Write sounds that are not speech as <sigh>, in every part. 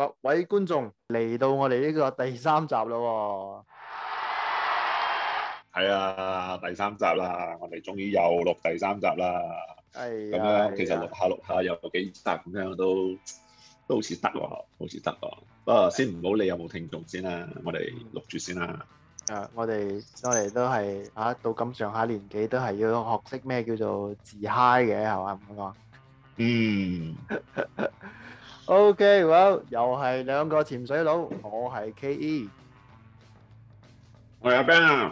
各位觀眾嚟到我哋呢個第三集啦，係啊，第三集啦，我哋終於又錄第三集啦。係咁樣，其實錄下錄下有幾集咁樣都都好似得喎，好似得喎。不過先唔好理有冇聽眾先啦，我哋錄住先啦。啊，我哋我哋都係吓到咁上下年紀都係要學識咩叫做自嗨嘅，係嘛咁講。嗯。O.K. 好，又係兩個潛水佬，我係 K.E. 我係阿 Ben。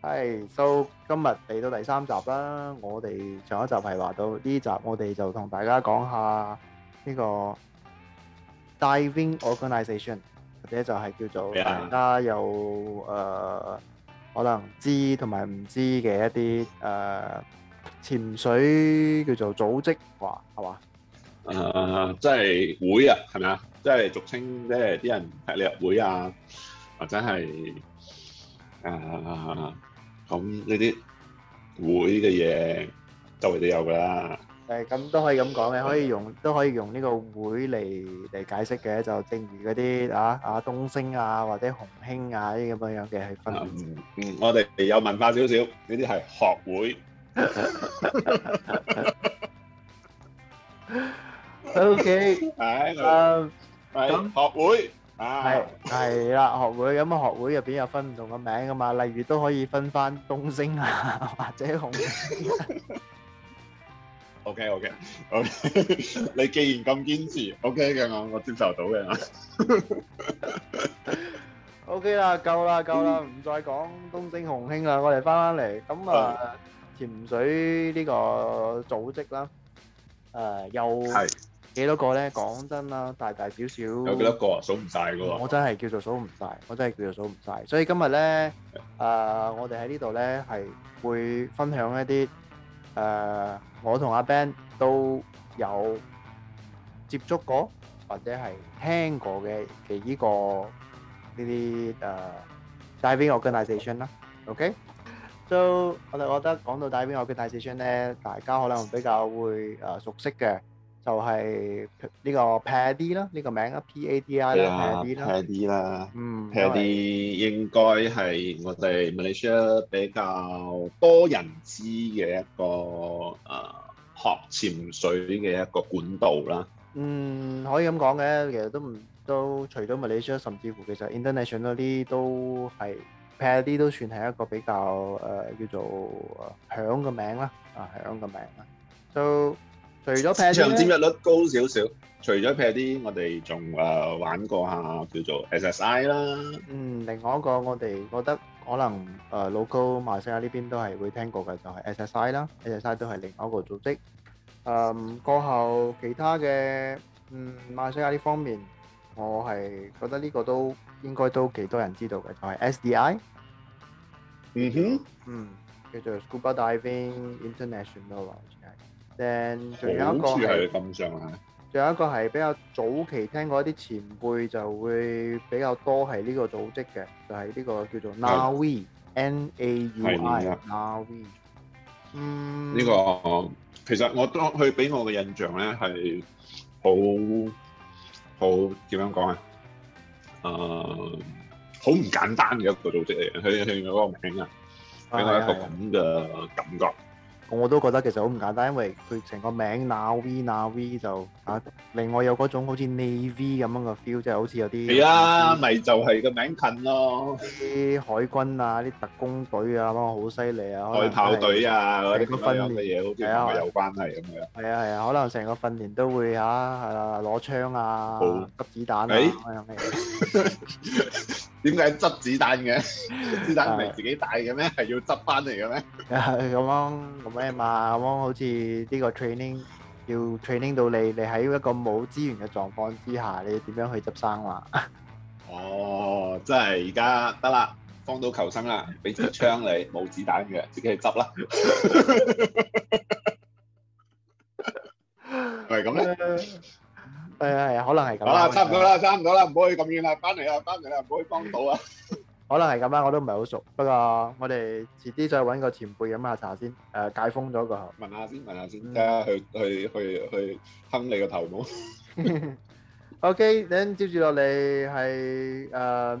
係，so 今日嚟到第三集啦。我哋上一集係話到，呢集我哋就同大家講下呢個 Diving Organization，或者就係叫做大家有誒可能知同埋唔知嘅一啲誒潛水叫做組織，話係嘛？誒，即係會啊，係咪啊？即係俗稱咧，啲人踢你入會啊，或者係誒咁呢啲會嘅嘢，周圍都有㗎啦。誒，咁都可以咁講嘅，可以用都可以用呢個會嚟嚟解釋嘅，就正如嗰啲啊啊東星啊或者洪興啊啲咁樣樣嘅氣氛。嗯，我哋有文化少少，呢啲係學會。O.K. 誒，咁學會係係啦，學會咁啊，學會入邊有分唔同嘅名噶嘛，例如都可以分翻東星啊，或者紅。O.K. O.K. O.K. 你既然咁堅持，O.K. 嘅我我接受到嘅。O.K. 啦，夠啦夠啦，唔再講東星紅興啦，我哋翻返嚟咁啊，潛水呢個組織啦，誒又係。幾多個咧？講真啦，大大小小有幾多個啊？數唔晒噶喎！我真係叫做數唔晒，我真係叫做數唔晒。所以今日咧，誒，我哋喺呢度咧係會分享一啲誒，我同阿 Ben 都有接觸過或者係聽過嘅嘅呢個呢啲誒，Diving Organization 啦。OK，so 我哋覺得講到 Diving Organization 咧，大家可能比較會誒熟悉嘅。就係呢個 PADI 啦，呢個名啦，PADI 啦，PADI 啦，嗯，PADI 應該係我哋 Malaysia 比較多人知嘅一個誒學潛水嘅一個管道啦。嗯，可以咁講嘅，其實都唔都除咗 Malaysia，甚至乎其實 International 嗰啲都係 PADI 都算係一個比較誒叫做響嘅名啦，啊響嘅名啦，就。除咗 PADI，市場佔有率高少少，除咗 PADI，我哋仲誒玩過下叫做 SSI 啦。嗯，另外一個我哋覺得可能誒老高馬來西亞呢邊都係會聽過嘅，就係 SSI 啦，SSI 都係另外一個組織。誒過後其他嘅嗯馬來西亞呢方面，我係覺得呢個都應該都幾多人知道嘅，就係 SDI。嗯哼，嗯叫做 Scuba Diving International 啊。誒，仲有一個，好似係咁上下。仲有一個係比較早期聽過一啲前輩就會比較多係呢個組織嘅，就係呢個叫做 NAUI，N A U I，NAUI。嗯，呢個其實我當佢俾我嘅印象咧係好，好，點樣講啊？誒，好唔簡單嘅一個組織嚟嘅，佢佢嗰個名啊，俾我一個咁嘅感覺。我都覺得其實好唔簡單，因為佢成個名 NAVY、NAVY 就嚇、啊，另外有嗰種好似 NAVY 咁樣嘅 feel，即係好似有啲係啊，咪就係個名近咯，啲海軍啊，啲特工隊啊，咁啊好犀利啊，海豹隊啊嗰啲分嘅嘢，好似咪有關係咁樣。係啊係啊，可能成個訓練、啊啊啊、都會嚇係啊，攞槍啊,槍啊好，急子彈啊咁、欸、樣。 <laughs> <laughs> 點解執子彈嘅？子彈唔係自己帶嘅咩？係要執翻嚟嘅咩？啊係咁咯，咁咩嘛？咁樣，好似呢個 training 要 training 到你，你喺一個冇資源嘅狀況之下，你點樣去執生話？哦，真係而家得啦，荒島求生啦，俾支槍你，冇子彈嘅，自己去執啦。咪咁咧？誒係，可能係咁。好啦，差唔多啦，差唔多啦，唔好去咁遠啦，翻嚟啦，翻嚟啦，唔好去幫到啊。可能係咁啦，我都唔係好熟，不過我哋遲啲再搵個前輩飲下茶先。誒，解封咗個。問下先，問下先。睇下佢，去去去去，坑你個頭腦。OK，咁接住落嚟係誒。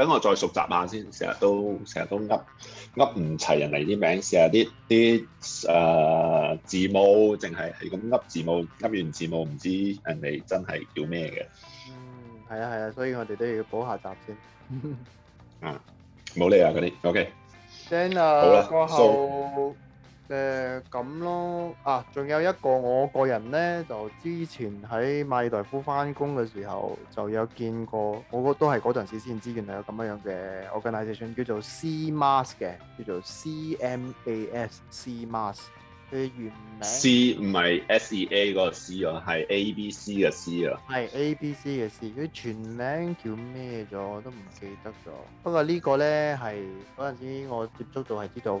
等我再熟習下先，成日都成日都噏，噏唔齊人哋啲名，成日啲啲誒字母，淨係係咁噏字母，噏完字母唔知人哋真係叫咩嘅。嗯，係啊係啊，所以我哋都要補下習先。嗯 <laughs> 、啊，冇理啊嗰啲，OK。Then, uh, 好啦，過後。So. 誒，咁咯，啊，仲有一個我個人咧，就之前喺馬爾代夫翻工嘅時候，就有見過，我都係嗰陣時先知原來有咁樣樣嘅，organization 叫做 CMAS 嘅，叫做 C M A S CMAS 佢原名 C 唔係 S E A 嗰個 C 啊，係 A B C 嘅 C 啊，係 A B C 嘅 C，佢全名叫咩咗我都唔記得咗，不過呢個咧係嗰陣時我接觸到係知道。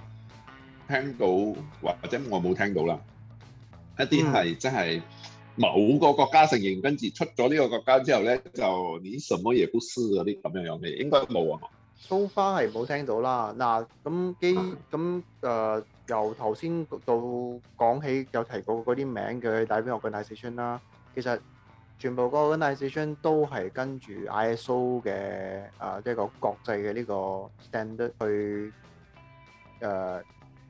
聽到或者我冇聽到啦，一啲係真係某個國家承認，跟住出咗呢個國家之後咧，就你乜嘢不施嗰啲咁樣樣嘅，應該冇啊嘛。So far 係冇聽到啦。嗱咁基咁誒由頭先到講起，有提過嗰啲名嘅帶俾我嘅 organization 啦。其實全部嗰個 organization 都係跟住 ISO 嘅啊，即係個國際嘅呢個 standard 去誒。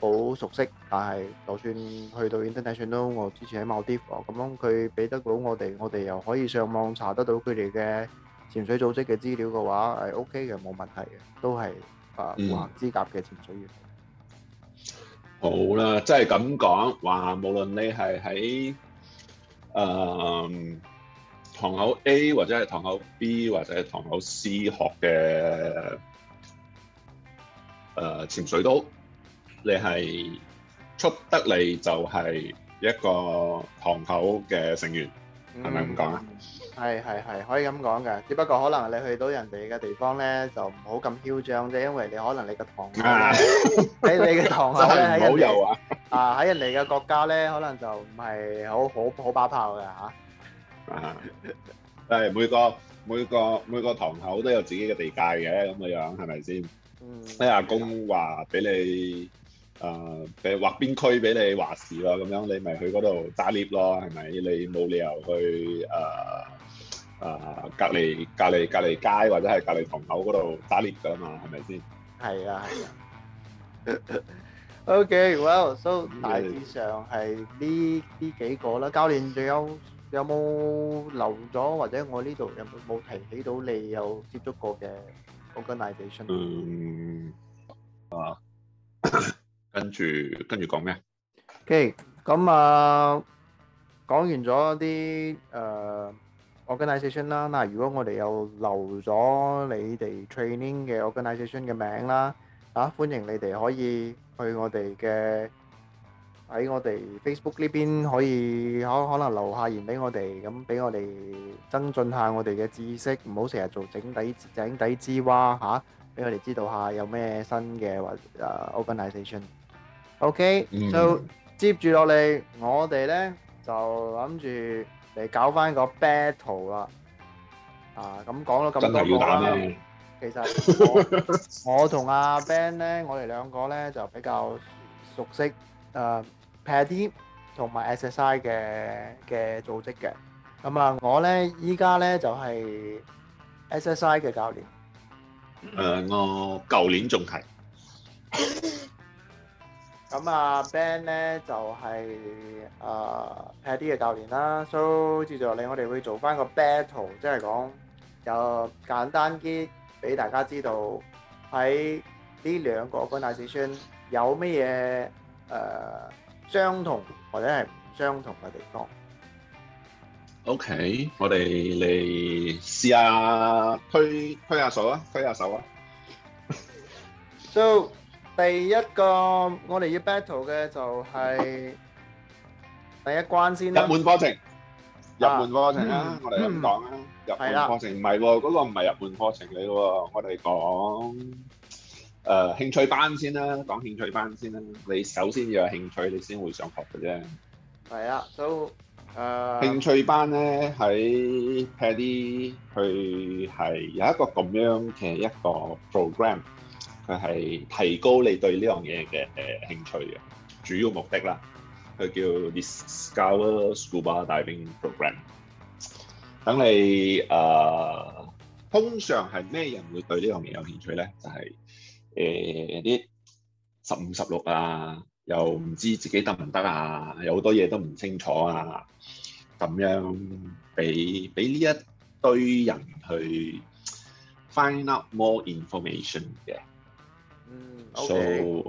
好熟悉，但係就算去到 international，我之前喺某啲咁樣，佢俾得到我哋，我哋又可以上網查得到佢哋嘅潛水組織嘅資料嘅話，係 OK 嘅，冇問題嘅，都係啊、呃、合資格嘅潛水員。嗯、好啦，即係咁講話，無論你係喺誒堂口 A 或者係堂口 B 或者係堂口 C 學嘅誒潛水都。你係出得嚟就係一個堂口嘅成員，係咪咁講啊？係，係，係可以咁講嘅，只不過可能你去到人哋嘅地方咧，就唔好咁囂張啫，因為你可能你個堂喺你嘅堂口咧冇遊啊！啊喺人哋嘅國家咧，可能就唔係好好好把炮嘅嚇。但係每個每個每個堂口都有自己嘅地界嘅咁嘅樣，係咪先？嗯，阿公話俾你。誒，譬如劃邊區俾你話事咯，咁樣你咪去嗰度打獵咯，係咪？你冇理由去誒誒隔離隔離隔離街或者係隔離堂口嗰度打獵㗎嘛，係咪先？係啊，係啊。OK，well，so 大致上係呢呢幾個啦。教練，仲有有冇留咗或者我呢度有冇提起到你有接觸過嘅 organization？嗯。跟住跟住講咩？OK，咁啊，講完咗啲誒，organization 啦。嗱，如果我哋又留咗你哋 training 嘅 organization 嘅名啦，啊，歡迎你哋可以去我哋嘅喺我哋 Facebook 呢邊可以可可能留下言俾我哋，咁俾我哋增進下我哋嘅知識，唔好成日做井底井底之蛙吓，俾我哋知道下有咩新嘅或誒 organization。OK，就接住落嚟，我哋咧就諗住嚟搞翻個 battle 啦。啊，咁講到咁多個咧，其實我我同阿 Ben 咧，我哋兩個咧就比較熟悉。誒，PADI 同埋 SSI 嘅嘅組織嘅，咁啊，我咧依家咧就係 SSI 嘅教練。誒，我舊年仲係。咁啊 Ben 咧就係誒 PADI 嘅教練啦，So 接住嚟我哋會做翻個 battle，即係講就簡單啲俾大家知道喺呢兩個軍大子孫有咩嘢誒相同或者係唔相同嘅地方。OK，我哋嚟試下推推下手啊，推下手啊，So。第一個我哋要 battle 嘅就係第一關先啦。入門課程，入門課程啊，我哋咁講啊，入門課程唔係喎，嗰個唔係入門課程嚟喎，我哋講誒興趣班先啦，講興趣班先啦。你首先要有興趣，你先會想學嘅啫。係啊，都誒。興趣班咧喺 PADI，佢係有一個咁樣嘅一個 program。佢係提高你對呢樣嘢嘅誒興趣嘅主要目的啦。佢叫 Discover Scuba Diving Program。等你誒，通常係咩人會對呢樣嘢有興趣咧？就係有啲十五十六啊，又唔知自己得唔得啊，有好多嘢都唔清楚啊，咁樣俾俾呢一堆人去 find out more information 嘅。so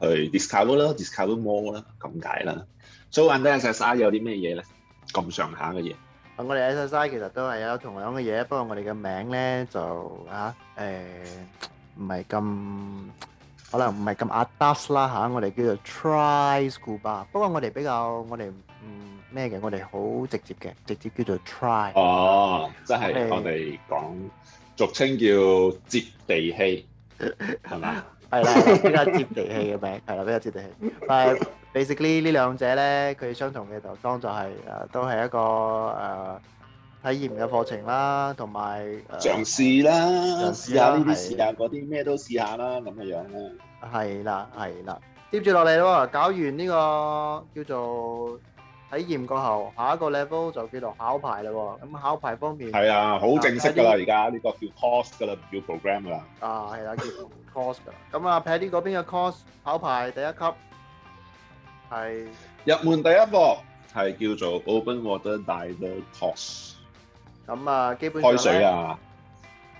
誒去 discover 啦，discover more 啦，咁解啦。so SSI 有啲咩嘢咧？咁上下嘅嘢。我哋 SSI 其實都係有同樣嘅嘢，不過我哋嘅名咧就嚇誒唔係咁，可能唔係咁 adapt 啦嚇。我哋叫做 try scuba，不過我哋比較我哋唔咩嘅，我哋好直接嘅，直接叫做 try。哦，即係我哋講俗稱叫接地氣，係嘛？係啦，比較接地氣嘅名，係啦，比較接地氣。但係 basically 呢兩者咧，佢相同嘅就當作係誒，都係一個誒體驗嘅課程啦，同埋嘗試啦，試下呢啲，試下嗰啲，咩都試下啦，咁嘅樣啦。係啦，係啦，接住落嚟咯，搞完呢個叫做。體驗過後，下一個 level 就叫做考牌啦喎。咁考牌方面，係啊，好正式㗎喇，而家呢個叫 course 㗎喇，唔叫 program 㗎喇。啊，係啦，叫 course 㗎喇。咁啊，撇啲嗰邊嘅 course 考牌第一級係入門第一課，係叫做 Open Water Diver Course。咁啊，基本開水啊，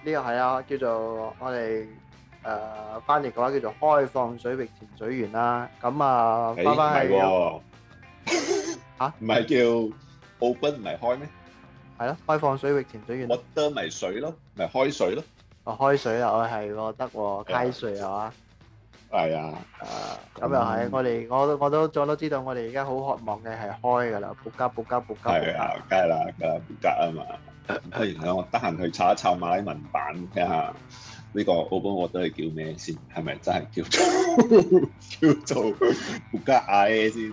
呢個係啊，叫做我哋誒翻譯嘅話叫做開放水域潛水員啦。咁啊，翻翻去。吓，唔係叫 open 唔係開咩？係咯，開放水域潛水員。我得咪水咯，咪開水咯。哦，開水啊，我係得，開水係嘛？係啊，咁又係，我哋我我都我都知道，我哋而家好渴望嘅係開噶啦，扑加撲加撲加，係啊，梗係啦，噶撲加啊嘛。不如我得閒去查一查馬拉文版，睇下呢個 open 我得係叫咩先？係咪真係叫做叫做撲加 I A 先？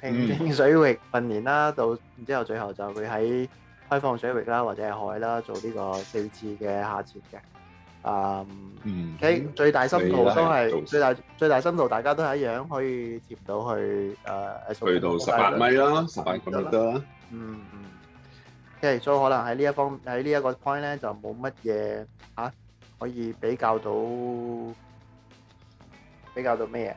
平靜水域訓練啦，到然之後最後就會喺開放水域啦，或者係海啦，做呢個四次嘅下潛嘅。啊，嗯，最大深度都係最大，最大深度，大家都係一樣，可以潛到去誒，去到十八米啦，十八咁多啦。嗯嗯，OK，所以可能喺呢一方，喺呢一個 point 咧，就冇乜嘢啊，可以比較到，比較到咩嘢？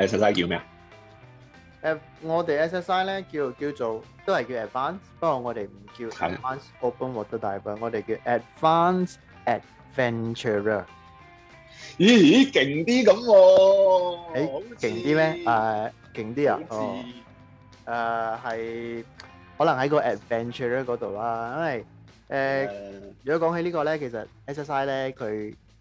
S.S.I 叫咩啊？誒，我哋 S.S.I 咧叫叫做都係叫 advance，不過我哋唔叫 advance open water 大笨，我哋叫 advance adventurer。咦，咦，勁啲咁喎！誒，勁啲咩？誒，勁啲啊！誒，係、欸啊啊啊、可能喺個 adventurer 嗰度啦，因為誒、呃，如果講起個呢個咧，其實 S.S.I 咧佢。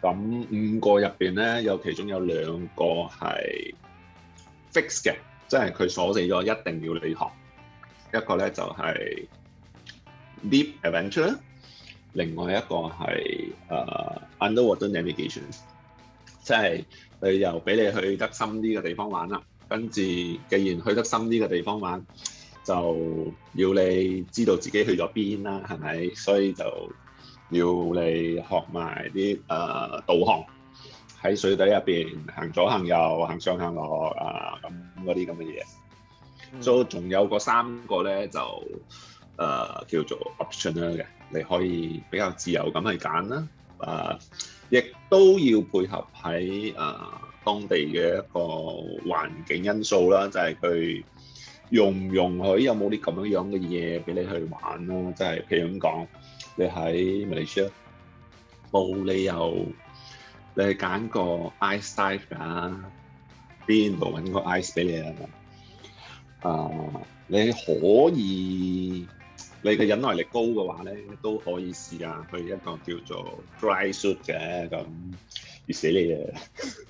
咁五個入面咧，有其中有兩個係 fix 嘅，即係佢鎖死咗一定要你學。一個咧就係 deep adventure，另外一個係 underwater navigation，即係佢又俾你去得深啲嘅地方玩啦。跟住既然去得深啲嘅地方玩，就要你知道自己去咗邊啦，係咪？所以就，要你學埋啲誒，導航，喺水底入邊行左行右行上行落啊，咁嗰啲咁嘅嘢，所、呃、仲、嗯 so, 有個三個咧就誒、呃、叫做 option 啦嘅，你可以比較自由咁去揀啦啊，亦、呃、都要配合喺誒、呃、當地嘅一個環境因素啦，就係佢。容唔容許有冇啲咁樣樣嘅嘢俾你去玩咯？即係譬如咁講，你喺 Malaysia 冇理由你係揀個 ice dive 啊，邊度揾個 ice 俾你啊？啊，你可以你嘅忍耐力高嘅話咧，都可以試下去一個叫做 dry suit 嘅咁，熱死你。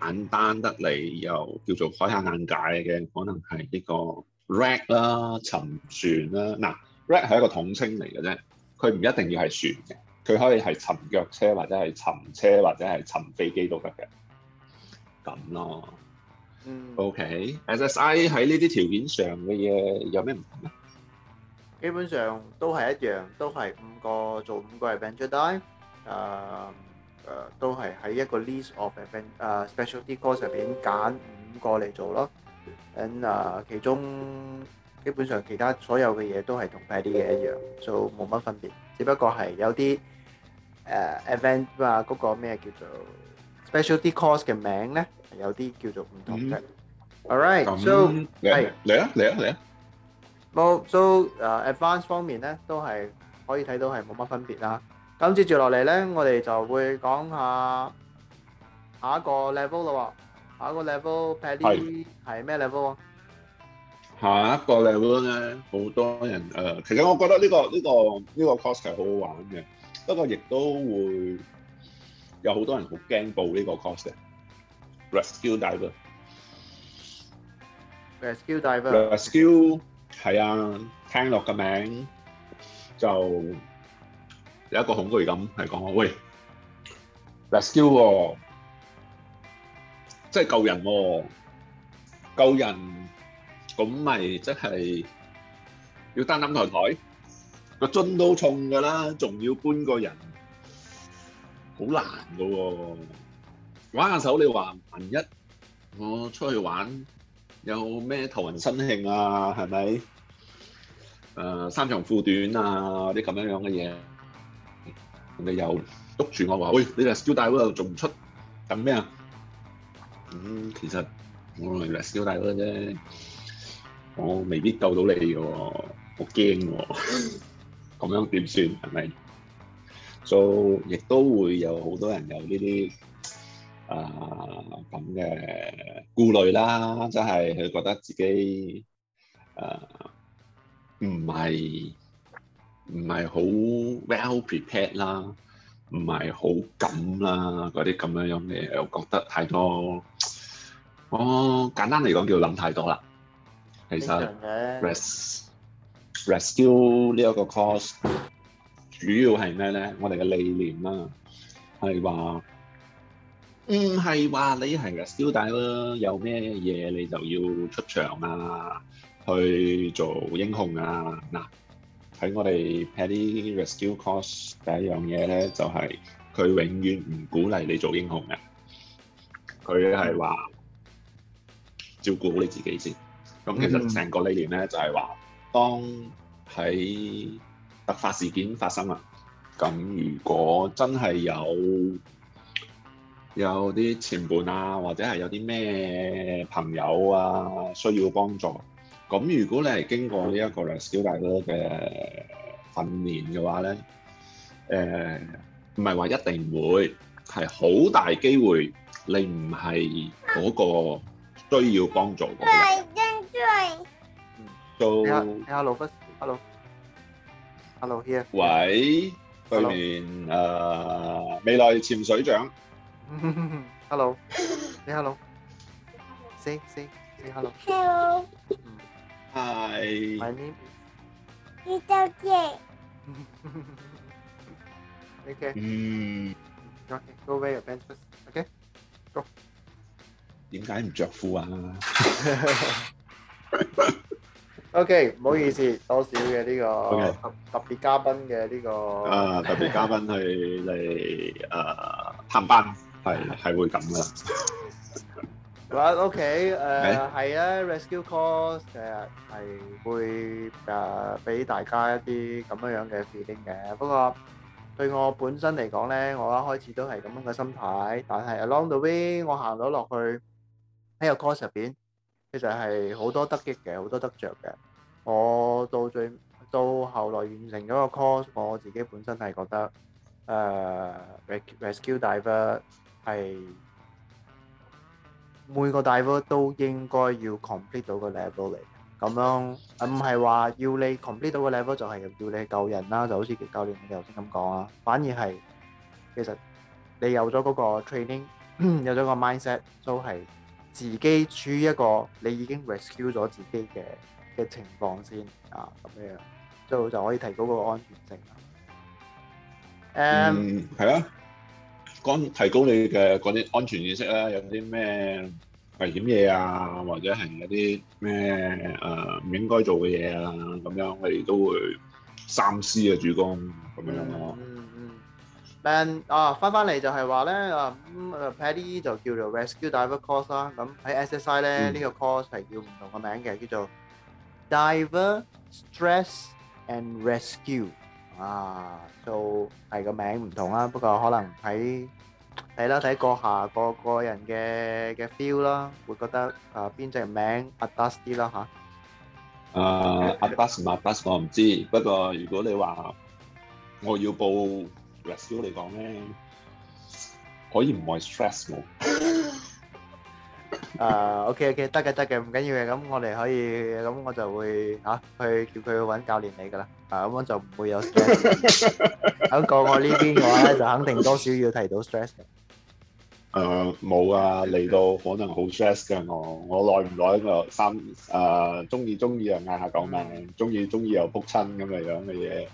簡單得嚟又叫做開下眼界嘅，可能係呢個 wreck 啦、沉船啦。嗱，wreck 係一個統稱嚟嘅啫，佢唔一定要係船嘅，佢可以係沉腳車或者係沉車或者係沉飛機都得嘅。咁咯。嗯。O K，S S I 喺呢啲條件上嘅嘢有咩唔同咧？基本上都係一樣，都係五個做五個 Adventure Dive。誒。誒都係喺一個 list of event 誒 specialty course 上邊揀五個嚟做咯，and 誒其中基本上其他所有嘅嘢都係同 PADI 嘅一樣，就冇乜分別，只不過係有啲誒 event 啊嗰個咩叫做 specialty course 嘅名咧，有啲叫做唔同嘅。All right，so 嚟嚟啊嚟啊！冇做誒 advance 方面咧，都係可以睇到係冇乜分別啦。咁接住落嚟咧，我哋就會講下下一個 level 咯喎，下一個 levelPADI 係咩 level？下一個 level 咧，好多人誒，其實我覺得呢個呢個呢個 course 係好好玩嘅，不過亦都會有好多人好驚報呢個 course。Rescue diver，Rescue diver，Rescue 係啊，聽落個名就～有一個恐懼咁係講話，喂，rescue 喎，即係救人喎，救人咁咪即係要擔擔抬抬，個樽都重㗎啦，仲要搬個人，好難㗎喎。玩下手你話，萬一我出去玩有咩頭暈身㷫啊，係咪？誒，三長褲短啊，啲咁樣樣嘅嘢。你又督住我話，喂，你嚟 Skill 大嗰度做唔出，等咩啊？嗯，其實我嚟 Skill 大嗰啫，我未必救到你嘅，我驚喎，咁樣點算係咪？就亦都會有好多人有呢啲啊咁嘅顧慮啦，即係佢覺得自己啊唔係。唔係好 well prepared 啦，唔係好敢啦，嗰啲咁樣樣嘅，我覺得太多。我簡單嚟講，叫諗太多啦。其實 rescue 呢一個 course 主要係咩咧？我哋嘅理念啦，係話唔係話你係 rescue 大咯，有咩嘢你就要出場啊，去做英雄啊嗱。喺我哋 PADI Rescue Course 第一樣嘢咧，就係佢永遠唔鼓勵你做英雄嘅，佢係話照顧好你自己先。咁其實成個理念咧，就係話，當喺突發事件發生啦，咁如果真係有有啲前輩啊，或者係有啲咩朋友啊，需要幫助。咁如果你係經過呢一個小大哥嘅訓練嘅話咧，誒唔係話一定唔會，係好大機會你唔係嗰個需要幫助嗰個。係真係。都，你好，你好，hello，hello here。喂，對面，誒未來潛水長。Hello，你好，say say say hello。Hello。Hi. My name is Peter. 哈哈，OK。嗯。OK。Go away, adventures. OK。Go。點解唔著褲啊？OK，唔好意思，多少嘅呢個特特別嘉賓嘅呢個。啊，特別嘉賓去嚟啊探班，係係會咁噶啦。嗱，OK，誒係啊，rescue course 其實係會誒俾大家一啲咁樣樣嘅 feeling 嘅。不過對我本身嚟講咧，我一開始都係咁樣嘅心態。但係 along the way，我行咗落去喺個 course 入邊，其實係好多得益嘅，好多得著嘅。我到最到後來完成咗個 course，我自己本身係覺得誒 rescue rescue diver 係。每個 level 都應該要 complete 到個 level 嚟，咁樣唔係話要你 complete 到個 level 就係要你救人啦，就好似教練你頭先咁講啊。反而係其實你有咗嗰個 training，有咗個 mindset，都係自己處於一個你已經 rescue 咗自己嘅嘅情況先啊，咁樣就就可以提高個安全性啦。嗯，係啦。講提高你嘅嗰啲安全意識啦，有啲咩危險嘢啊，或者係有啲咩誒唔應該做嘅嘢啊，咁樣我哋都會三思啊，主公咁樣咯。嗯嗯，誒啊，翻翻嚟就係話咧啊，誒 PADI 就叫做 Rescue Diver Course 啦，咁喺 SSI 咧呢個 course 係叫唔同個名嘅，叫做 Diver Stress and Rescue。啊，就係個名唔同啦，不過可能喺睇啦睇個下個個人嘅嘅 feel 啦，會覺得誒邊隻名 adapt 啲啦吓。誒，adapt 唔 adapt 我唔知，不過如果你話我要報 rescue 嚟講咧，可以唔會 stress 冇。誒，OK，OK，得嘅，得嘅，唔緊要嘅，咁我哋可以，咁我就會吓去叫佢去搵教練你噶啦，啊，咁樣就唔會有 stress。不過我呢邊嘅話咧，就肯定多少要提到 stress 嘅。誒，冇啊，嚟到可能好 stress 嘅我，我耐唔耐就三誒，中意中意又嗌下講咩，中意中意又扑親咁嘅樣嘅嘢，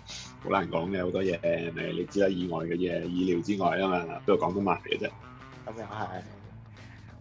好難講嘅好多嘢，你你知啦，意外嘅嘢，意料之外啊嘛，邊度講得埋嘅啫？咁又係。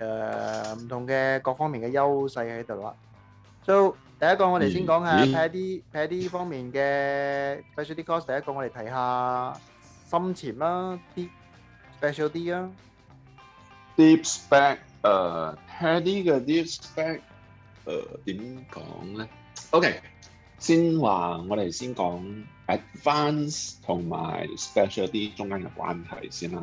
誒唔同嘅各方面嘅優勢喺度啦，So，第一個我哋先講下 PADI PADI 方面嘅 specialty course。第一個我哋睇下深潛啦，啲 special 啲啊，deep spec 誒 PADI 嘅 deep spec 誒點講咧？OK，先話我哋先講 advanced 同埋 special 啲中間嘅關係先啦。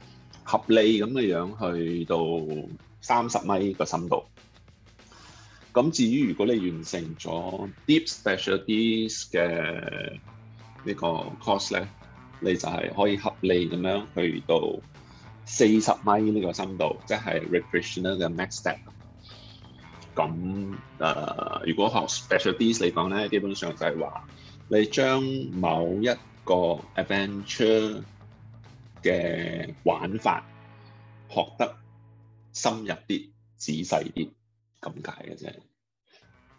合理咁嘅樣去到三十米個深度。咁至於如果你完成咗 deep specialties 嘅呢個 course 咧，你就係可以合理咁樣去到四十米呢個深度，即係 recreational 嘅 max depth。咁誒、呃，如果學 specialties 嚟講咧，基本上就係話你將某一個 adventure。嘅玩法學得深入啲、仔細啲咁解嘅啫。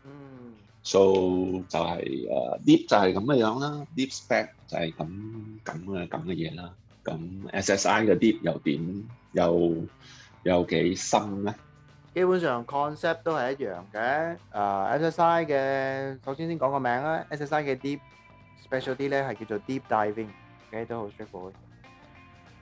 嗯，so 就係誒，deep 就係咁嘅樣啦，deep spec 就係咁咁嘅咁嘅嘢啦。咁 SSI 嘅 deep 又點？又又幾深咧？基本上 concept 都係一樣嘅。誒，SSI 嘅，首先先講個名啦。SSI 嘅 deep specialty 咧係叫做 deep diving，OK 都好舒服嘅。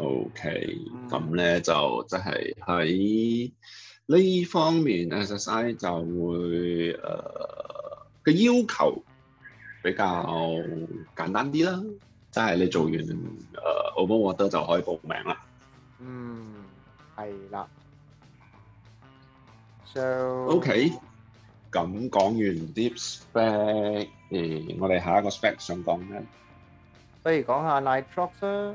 O.K. 咁咧，就即係喺呢方面 SSI 就會誒嘅、呃、要求比較簡單啲啦，即、就、係、是、你做完誒，Overwater 就可以報名啦。嗯，係啦。So O.K. 咁講完 deep spec，誒、嗯，我哋下一個 spec 想講咩？不如講下 Nitrox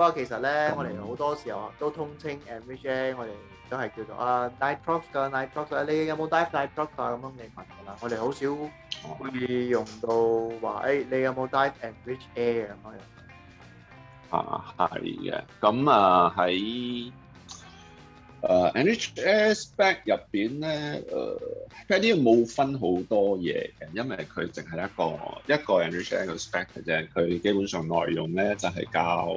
不過其實咧，我哋好多時候都通稱，誒 enriched air，我哋都係叫做啊，nitrox 噶，nitrox 啊，你有冇帶 nitrox 啊？咁樣嘅羣噶啦，我哋好少會用到話，誒你有冇帶 enriched air 咁樣？啊，係嘅。咁啊喺誒 enriched air spec 入邊咧，誒呢啲冇分好多嘢嘅，因為佢淨係一個一個 enriched airspec 嘅啫。佢基本上內容咧就係教。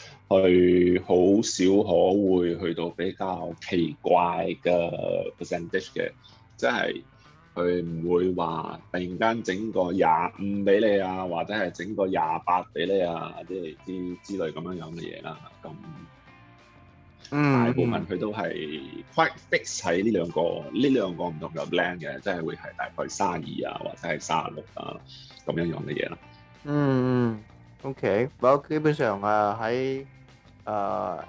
佢好少可會去到比較奇怪嘅 percentage 嘅，即係佢唔會話突然間整個廿五俾你啊，或者係整個廿八俾你啊，即啲之類咁樣樣嘅嘢啦。咁、嗯、大部分佢都係 quite fix 喺呢兩個呢兩個唔同嘅 plan 嘅，即係會係大概三十二啊，或者係三十六啊咁樣樣嘅嘢啦。嗯嗯，OK，咁、well, 基本上啊喺。誒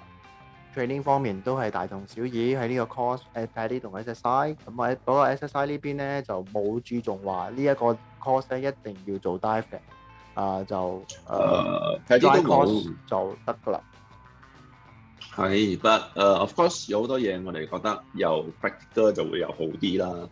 training 方面都係大同小異，喺呢個 course，誒 PADI 同 SSI。咁喺嗰個 SSI 呢邊咧，就冇注重話呢一個 course 咧一定要做 dive 嘅，啊就誒 dry course 就得㗎啦。係，但誒 of course 有好多嘢我哋覺得又 practical 就會又好啲啦。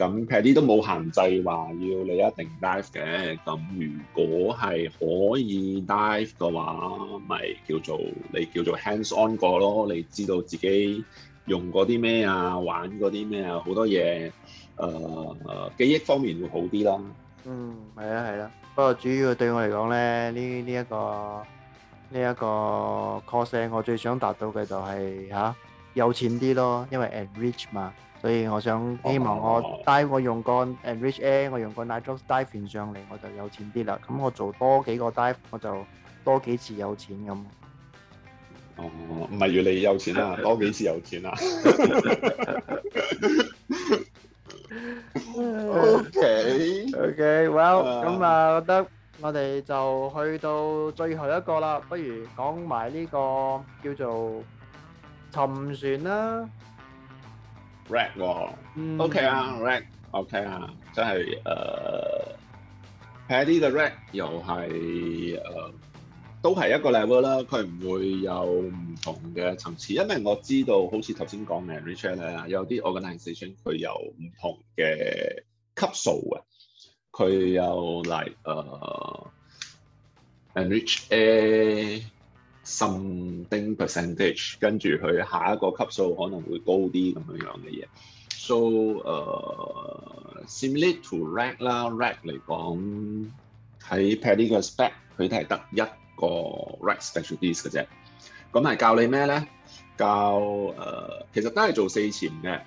咁其實啲都冇限制，話要你一定 dive 嘅。咁如果係可以 dive 嘅話，咪叫做你叫做 hands on 過咯。你知道自己用過啲咩啊，玩過啲咩啊，好多嘢，誒、呃、記憶方面會好啲啦嗯，係啦，係啦。不過主要對我嚟講咧，呢呢一個呢一個 course 我最想達到嘅就係、吓啊、有錢啲咯，因為 enrich 嘛。所以我想希望我 dive 我用個 enriched air 我用個 nitrox dive 上嚟我就有錢啲啦，咁我做多幾個 dive 我就多幾次有錢咁。哦，唔係越嚟越有錢啊，多幾次有錢啊。 <laughs> OK OK well 咁、uh, 啊，覺得我哋就去到最後一個啦，不如講埋呢個叫做沉船啦。Red 喎，OK 啊，Red OK 啊，即係誒，Paddy 嘅 Red 又係誒，都係一個 level 啦，佢唔會有唔同嘅層次，因為我知道好似頭先講嘅 Richer 咧，有啲 organisation 佢有唔同嘅級數嘅，佢有 like 誒，Enrich A。something percentage，跟住佢下一個級數可能會高啲咁樣樣嘅嘢。So 誒、uh,，similar to rank 啦 rank 嚟講喺 PADI 個 spec，佢都係得一個 rank specialist 嘅啫。咁係教你咩咧？教誒，uh, 其實都係做四潛嘅。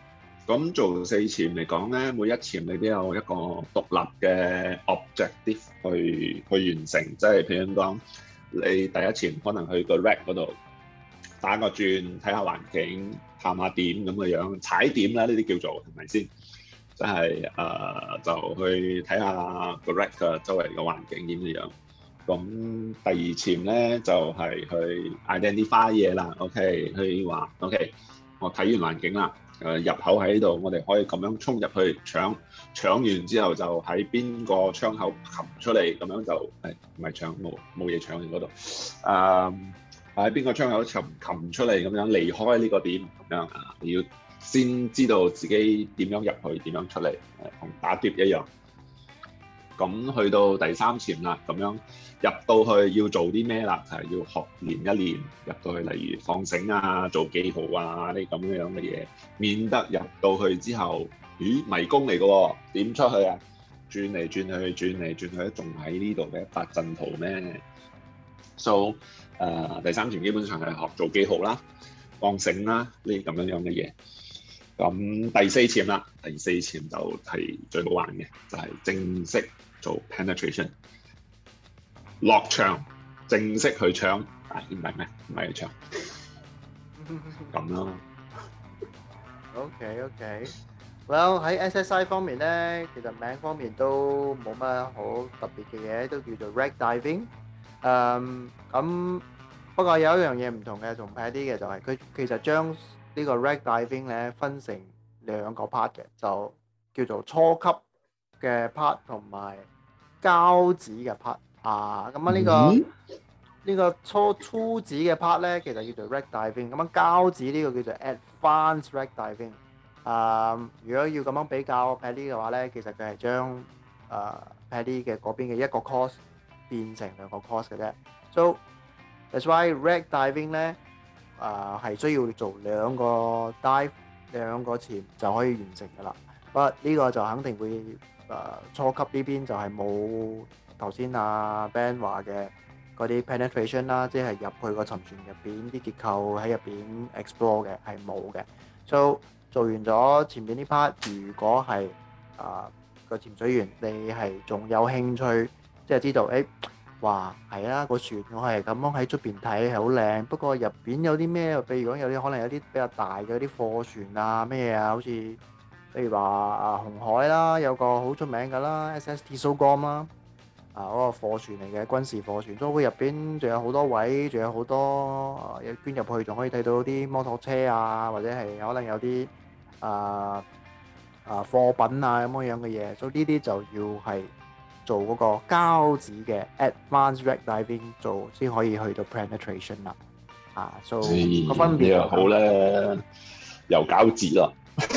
咁做四潛嚟講咧，每一潛你都有一個獨立嘅 objective 去去完成，即係譬如講，你第一潛可能去個 wreck 嗰度打個轉，睇下環境，探下點咁嘅樣，踩點啦，呢啲叫做係咪先？即係、就係呃、就去睇下個 wreck 嘅周圍嘅環境點嘅樣,樣。咁第二潛咧就係、係、去 identify 嘢啦。OK，去話 OK，我睇完環境啦。誒入口喺呢度，我哋可以咁樣衝入去搶，搶完之後就喺邊個窗口擒出嚟，咁樣就誒，唔係搶，冇冇嘢搶喺嗰度。誒，喺邊個窗口擒、擒出嚟，咁樣離開呢個點咁樣，你要先知道自己點樣入去，點樣出嚟，同打碟一樣。咁去到第三潛啦，咁樣入到去要做啲咩啦？就係、是、要學練一練入到去，例如放繩啊、做記號啊呢咁樣樣嘅嘢，免得入到去之後，咦迷宮嚟嘅喎，點出去啊？轉嚟轉去，轉嚟轉去，仲喺呢度嘅一八陣圖咩？So，誒、呃、第三潛基本上係學做記號啦、啊、放繩啦啲咁樣樣嘅嘢。咁第四潛啦，第四潛就係最好玩嘅，就係、是、正式。做 penetration 落場正式去搶，但係唔係咩唔係去搶咁咯。OK OK，Well 喺 SSI 方面咧，其實名方面都冇乜好特別嘅嘢，都叫做 wreck diving。嗯，咁不過有一樣嘢唔同嘅，同 PADI 嘅就係佢其實將呢個 wreck diving 咧分成兩個 part 嘅，就叫做初級嘅 part 同埋。膠紙嘅 part 啊，咁、這、啊、個嗯這個、呢個呢個粗粗紙嘅 part 咧，其實叫做 wreck diving、嗯。咁樣膠紙呢個叫做 advance wreck diving。啊，如果要咁樣比較 PADI 嘅話咧，其實佢係將誒 PADI 嘅嗰邊嘅一個 course 變成兩個 course 嘅啫、嗯。So that's why wreck diving 咧啊，係需要做兩個 dive 兩個潛就可以完成㗎啦。不過呢個就肯定會。誒、啊、初級呢邊就係冇頭先阿 Ben 話嘅嗰啲 penetration 啦，即係入去個沉船入邊啲結構喺入邊 explore 嘅係冇嘅。So 做完咗前邊呢 part，如果係個、啊、潛水員你係仲有興趣，即係知道誒嘩係啊個船我係咁樣喺出邊睇係好靚，不過入邊有啲咩？譬如講有啲可能有啲比較大嘅嗰啲貨船啊咩啊，好似～譬如話啊，紅海啦，有個好出名噶啦，SS Thistlegorm 啦，啊嗰、那個貨船嚟嘅軍事貨船，所以入邊仲有好多位，仲有好多捐入、啊、去，仲可以睇到啲摩托車啊，或者係可能有啲啊啊貨品啊咁樣樣嘅嘢，所以呢啲就要係做嗰個膠紙嘅 advanced wreck diving 做先可以去到 penetration 啊，啊，所以個、嗯、分別、就是、又好咧、呃，又膠紙咯。 <laughs>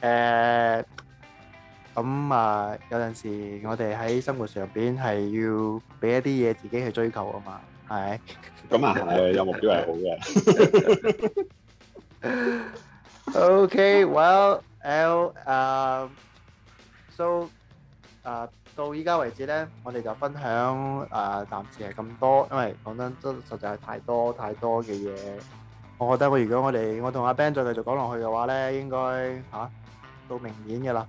誒，咁啊，有陣時我哋喺生活上邊係要俾一啲嘢，自己去追求啊嘛，係。咁啊係，有目標係好嘅。Okay, well, so 啊，到依家為止咧，我哋就分享啊，暫時係咁多，因為講真都實在係太多太多嘅嘢。我覺得如果我哋我同阿 Ben 再繼續講落去嘅話咧，應該吓。到明年嘅啦。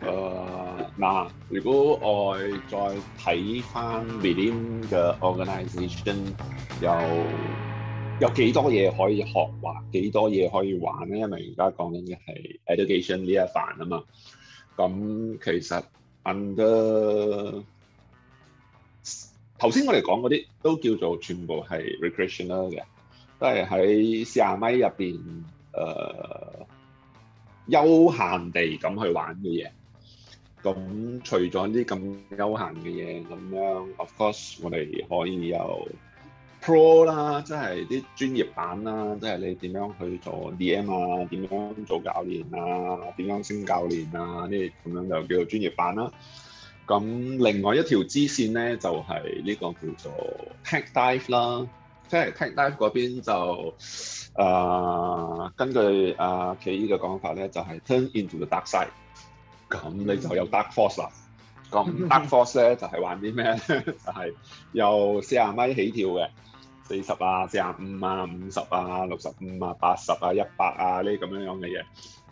誒嗱，如果我再睇翻 Billion 嘅 organisation，有有幾多嘢可以學或幾多嘢可以玩咧？因為而家講緊嘅係 education 呢一範啊嘛。咁其實 under 頭先我哋講嗰啲都叫做全部係 recreational 嘅，都係喺四十米入邊誒。Uh, 休閒地咁去玩嘅嘢，咁除咗啲咁休閒嘅嘢，咁樣，of course，我哋可以有 Pro 啦，即係啲專業版啦，即係你點樣去做 DM 啊，點樣做教練啊，點樣升教練啊，呢啲咁樣就叫做專業版啦。咁另外一條支線咧，就係、是、呢個叫做 Tech Dive 啦。即係聽單嗰邊就誒、呃、根據阿企姨嘅講法咧，就係、是、turn into the dark side，咁你就有 dark force 啦。咁 dark force 咧就係玩啲咩咧？就係、是、 <laughs> 由四十米起跳嘅，四十啊、四十五啊、五十啊、六十五啊、八十啊、一百啊呢啲咁樣樣嘅嘢。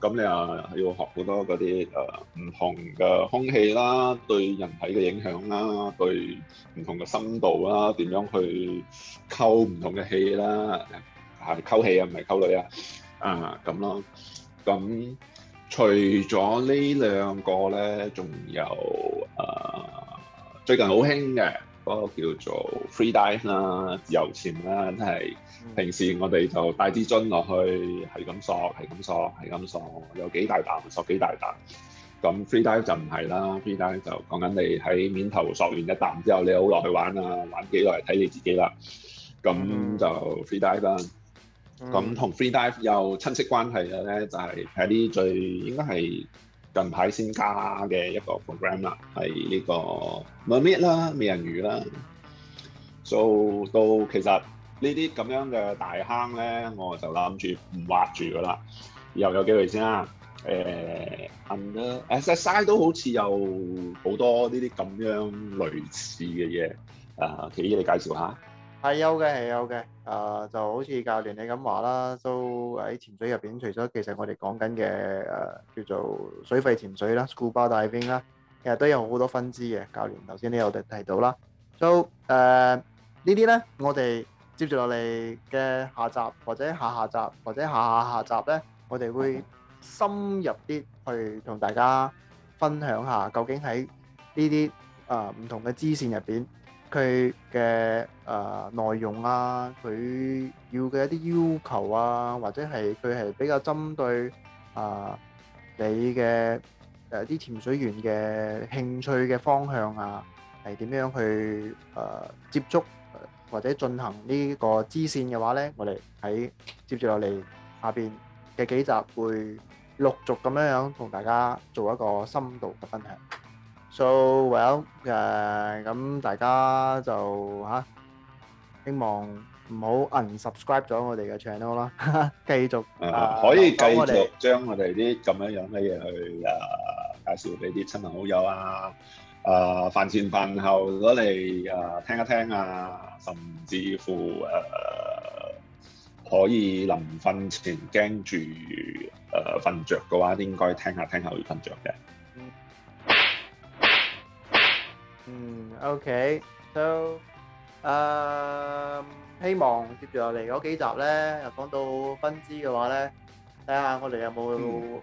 咁你又要學好多嗰啲誒唔同嘅空氣啦，對人體嘅影響啦，對唔同嘅深度啦，點樣去溝唔同嘅氣啦，係溝氣啊，唔係溝女啊，啊咁咯。咁除咗呢兩個咧，仲有誒、啊、最近好興嘅。嗰、那個叫做 free dive 啦，自由潛啦，即、就、係、是、平時我哋就帶支樽落去，係咁索，係咁索，係咁索，索，有幾大啖索幾大啖。咁 free dive 就唔係啦，free dive 就講緊你喺面頭索完一啖之後，你好落去玩啊，玩幾耐睇你自己啦。咁就 free dive 啦。咁、mm、同 -hmm. free dive 有親戚關係嘅咧，就係睇啲最應該係。近排先加嘅一個 program 啦，係呢個 mermaid 啦，美人魚啦，所、so, 到其實呢啲咁樣嘅大坑咧，我就諗住唔挖住噶啦。又有幾類先啦，啊，誒、欸、under、SSI 都好似有好多呢啲咁樣類似嘅嘢，啊，奇姨你介紹一下。係有嘅，係有嘅、呃。就好似教練你咁話啦，都喺潛水入面。除咗其實我哋講緊嘅叫做水肺潛水啦、scuba diving 啦，其實都有好多分支嘅。教練頭先你有提提到啦，所以誒、呃、呢啲咧，我哋接住落嚟嘅下集或者下下集或者下下下集咧，我哋會深入啲去同大家分享下，究竟喺呢啲啊唔同嘅支線入面。佢嘅誒內容啊，佢要嘅一啲要求啊，或者係佢係比較針對啊你嘅誒啲潛水員嘅興趣嘅方向啊，係點樣去誒接觸或者進行呢個支線嘅話咧，我哋喺接住落嚟下邊嘅幾集會陸續咁樣樣同大家做一個深度嘅分享。So well 誒，咁大家就嚇，希望唔好 unsubscribe 咗我哋嘅 channel 啦，繼續，可以繼續將我哋啲咁樣樣嘅嘢去誒介紹俾啲親朋好友啊，誒飯前飯後攞嚟誒聽一聽啊，甚至乎誒可以臨瞓前驚住誒瞓著嘅話，應該聽下聽下會瞓著嘅。嗯，OK，So，誒，希望接住落嚟嗰幾集咧，又講到分支嘅話咧，睇下我哋有冇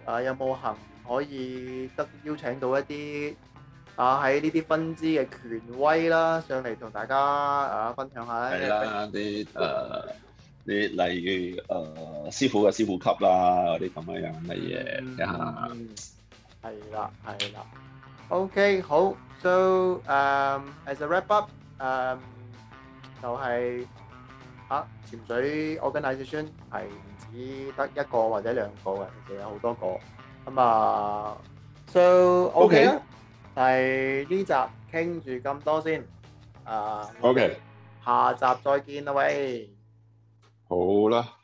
誒有冇幸可以得邀請到一啲啊喺呢啲分支嘅權威啦，上嚟同大家啊分享下。係啦，啲誒，啲例如誒師傅嘅師傅級啦，嗰啲咁嘅樣嘅嘢啊，係啦，係啦。O.K. 好，so 誒，as a wrap up 誒，就係啊潛水，organization 係唔止得一個或者兩個嘅，其實有好多個咁啊。So O.K. 係呢集傾住咁多先啊。O.K. 下集再見啦，喂。好啦。